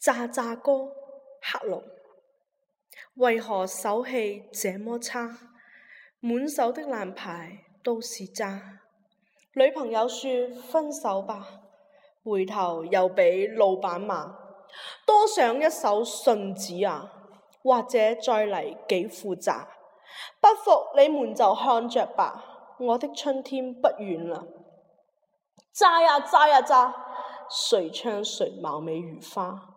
炸炸哥，黑龍，為何手氣這麼差？滿手的爛牌都是渣。女朋友說分手吧，回頭又俾老闆罵。多上一手順子啊，或者再嚟幾副炸。不服你們就看着吧，我的春天不遠了。炸呀炸呀炸，誰唱誰貌美如花。